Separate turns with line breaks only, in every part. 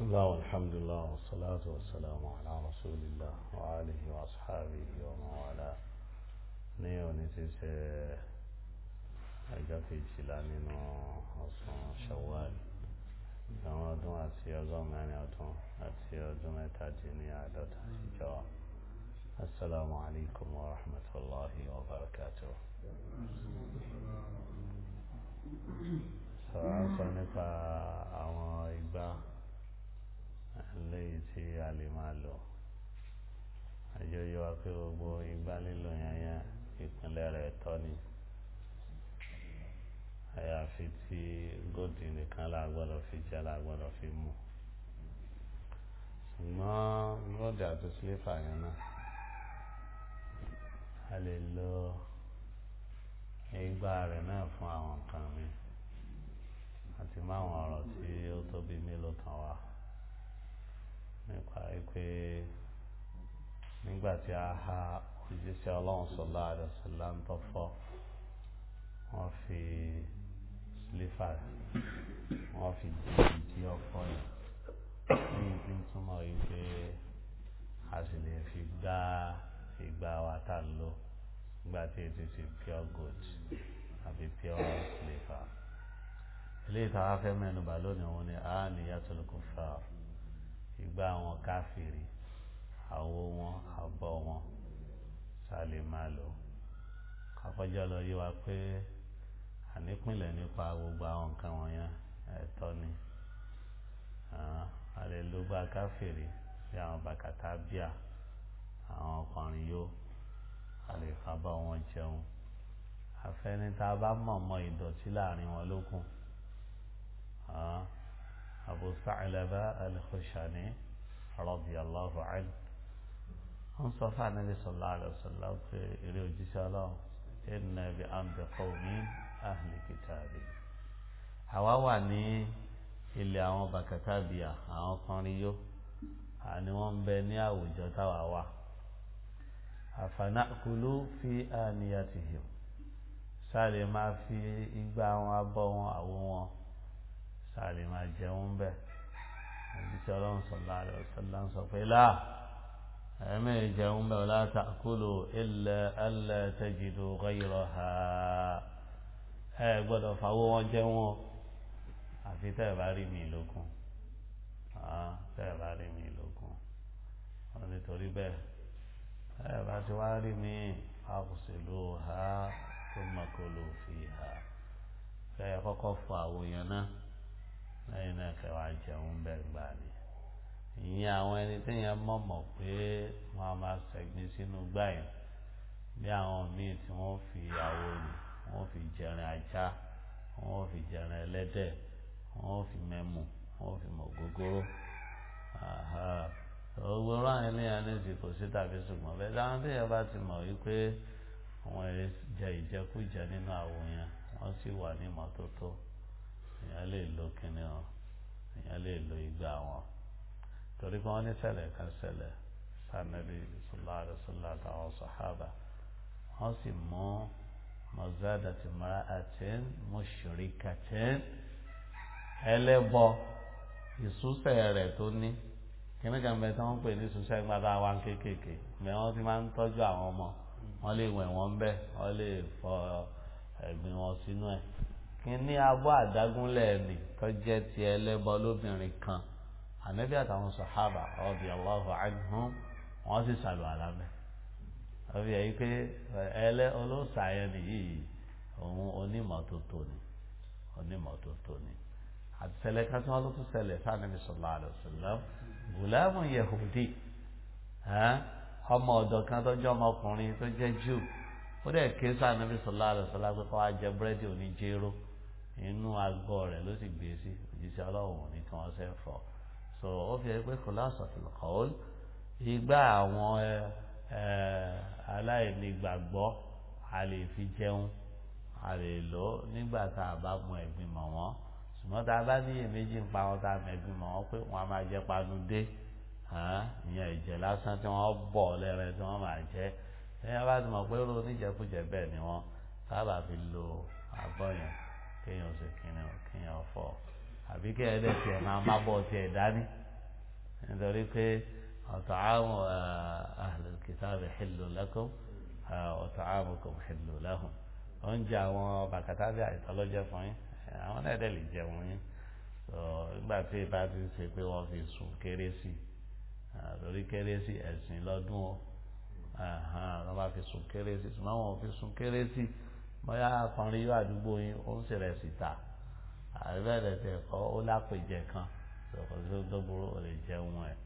بسم الله والحمد لله والصلاة والسلام على رسول الله وآله وأصحابه ومن والاه نيو نسيس أجا في سلامي نو أصلا شوال نو أدون أتسيو زوم يعني أتون أتسيو زوم يتاجيني أدو تاسي السلام عليكم ورحمة الله lè máa lò àjọ yọ wá pé gbogbo igbá lílo yàyà ìpínlẹ̀ rẹ̀ tọ́ ni àyàfi tí góòdì nìkan là gbọ́dọ̀ fi jẹ́ là gbọ́dọ̀ fi mú ṣùgbọ́n góòdì àti sílífà yẹn náà a lè lo igbá rẹ̀ náà fún àwọn nǹkan mi àti máwọn ọ̀rọ̀ tí ó tóbi mélòó kan wà nípa pé nígbà tí a ha òjíṣẹ́ ọlọ́run sọ̀lá àdọ̀sọ̀lá ń tọ́ fọ́ wọ́n fi sílífà wọ́n fi jí ọkọ̀ yìí lẹ́yìn tí ń túmọ̀ yìí pé a sì lè fi gbá ìgbà wa tá a lò nígbà tí ètò ti pure gold àbí pure sílífà eléyìí tá mẹ́nu bà lónìí òun ni a nìyàtọ̀ lóko fáà ìgbà wọn káfìrí àwo wọn àbọ̀ wọn sálè máa lò káfọ́jọ́ lọ yí wa pé ànípìnlẹ̀ nípa gbogbo àwọn nǹkan wọ̀nyẹn ẹ̀tọ́ ni a lè lo gba káfìrí bí àwọn bàkàtà bíà àwọn ọkùnrin yó a lè fa bá wọn jẹun àfẹnitá bá mọ̀ọ́mọ́ ìdọ̀tí láàrin wọn lókun. أبو ثعلبة الخشني رضي الله عنه ń sọ fún anabi sọlá àlọsọlá pé eré òjíṣẹ́ Ọlọ́run ẹnna ibi àǹdẹ kọmi ahli kitabi àwa wà ní ilẹ̀ àwọn bàkàtàbíà àwọn kọrin yó àní wọ́n ń bẹ ní àwùjọ táwa wà àfànàkulú fi àníyàtìhìm sáà lè máa fi igbá wọn abọ́ wọn àwo wọn sáàlì máa jẹun bẹ́ẹ̀ àdìsí ọlọ́run sọ̀lá rẹ̀ ọ̀sọ̀lá ń sọ pé láà ẹ̀mí jẹun bẹ́ẹ̀ la ta'kulu illa alla tajidu ghayraha ẹ gbọ́dọ̀ fàwọ́ wọn jẹun o àfi tẹ́ ẹ̀ bá rí mi lókun tẹ́ ẹ̀ bá rí mi lókun wọn nítorí bẹ́ẹ̀ ẹ bá ti wá rí mi fagsiluha thumma kulu fiha ẹ kọ́kọ́ fọ àwọn náà lẹ́yìn náà fẹ́ wá jẹun bẹ́ẹ̀ gbà ní ìyẹn àwọn ẹni téèyàn mọ̀mọ̀ pé wọ́n á máa ṣẹ̀gbin sínú gbáyìn bí àwọn míì tí wọ́n fi àwo nì wọ́n fi jẹrin ajá wọ́n fi jẹrin ẹlẹ́dẹ̀ wọ́n fi mẹ́mu wọ́n fi mọ̀ gógóró gbogbo ráhìn eléyàn ní ti kò sí tàbí ṣùgbọ́n bẹ́ẹ̀ dáhùn tí ẹ bá ti mọ̀ wípé wọ́n jẹ ìjẹkújẹ nínú àwo yẹn wọ́n sì wà ní ìmọ́tótó èèyàn lè lo kíní wọn èèyàn lè lo igbá wọn torí pé wọn ní ṣẹlẹ̀ kan ṣẹlẹ̀ sanabi sallallahu alaihi wasallam àtàwọn sàhábà wọn sì mú mọ̀zádàtì mara àtẹ́n mọ̀ṣẹ̀ríkàtẹ́n ẹlẹ́bọ ìsúsẹ̀ rẹ̀ tó ní kíní kan bẹ tí wọ́n pè ní ìsúsẹ̀ gbadá wa kéékèèké mẹ wọ́n ti máa ń tọ́jú àwọn ọmọ wọ́n lè wẹ̀ wọ́n bẹ́ẹ̀ wọ́n lè fọ ẹ̀gbin wọn sínú ẹ̀ ní abọ́ àdágúnlẹ̀ ni tó jẹ́ ti ẹlẹ́bọ lóbìnrin kan ànábì àtàwọn sàhábà radiyallahu anhum wọ́n sì sàlù àlámẹ́ ọbẹ̀ yìí pé ẹlẹ́ olóòsàyẹn nìyí òun onímọ̀tótó ni onímọ̀tótó ni àti ṣẹlẹ̀ kan tí wọ́n tó tún ṣẹlẹ̀ sànàbì sallallahu alaihi wasallam gùlámù yehudi ọmọ ọ̀dọ̀ kan tó jẹ́ ọmọkùnrin tó jẹ́ jù ó dẹ̀ ké sànàbì sallallahu alaihi wasallam pé kọ́ wa jẹ búrẹ́dì oníjẹ́rọ́ inú àgọ́ rẹ̀ ló sì gbé sí òjíṣẹ́ ọlọ́run ní tí wọ́n ṣe ń fọ́ so ó fi ẹgbẹ́ kò lásọ̀tún kọ́ọ́l ìgbà àwọn aláìnígbàgbọ́ a lè fi jẹun a lè lò ó nígbà tá a bá mọ ẹ̀gbìn mọ̀ wọ́n ṣùgbọ́n tá a bá níyè méjì ń pa wọn tá a mọ ẹ̀gbìn mọ̀ wọ́n pé wọ́n á máa jẹ panu dé ìyẹn ìjẹ lásán tí wọ́n bọ̀ lẹ́rẹ̀ tí wọ́n máa jẹ ẹ̀yìn bá ti mọ̀ pé ronú ìjẹkújẹ bẹ́ẹ̀ ni wọ́n sábà fi lo àgbọ̀n yẹn kéèyàn ṣe kíni o kéèyàn fọ àbí kí ẹdẹ tiẹ̀ máa má bọ̀ tiẹ̀ dání nítorí pé ọ̀tàámù ahlul kitabi hillu lakum ọ̀tàámukum hillu lahum oúnjẹ àwọn bàkàtà bí àìtọ́lọ́jẹ́ fún yín àwọn ẹ̀dẹ̀ lè jẹun yín nígbà tí ìbá ti ṣe pé wọ́n fi sùn kérésì lórí kérésì ẹ̀sìn lọ́dún o wọ́n bá fi sùn kérésì ṣùgbọ́n wọn ò fi sùn kérésì bóyá akọrin yóò àdúgbò yín ó ń ṣẹlẹ̀ síta àbẹ̀rẹ̀ tẹ̀ kọ́ ó lápèjẹ kan sọ̀kọ̀ tó dọ́gbòrò ò lè jẹun ẹ̀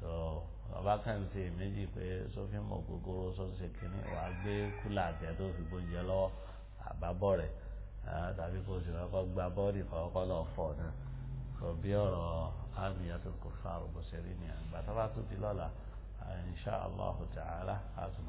sọ ọba kan ṣe méjì pé sófin mọ̀ gbogbooro sọ́sẹ̀ kínní wàá gbé kúlà àtẹ tó fi gbóúnjẹ lọ́wọ́ àbábọ̀ rẹ̀ tàbí kó sì kọ́kọ́ gba bọ́ọ̀lì kọ́kọ́ lọ fọ̀ náà sọ bí ọ̀rọ̀ àmì yàtọ̀ kò fà rògbò ṣe rí ni àgbà tó bá tó di lọ́la inṣàlá ta'ala a tún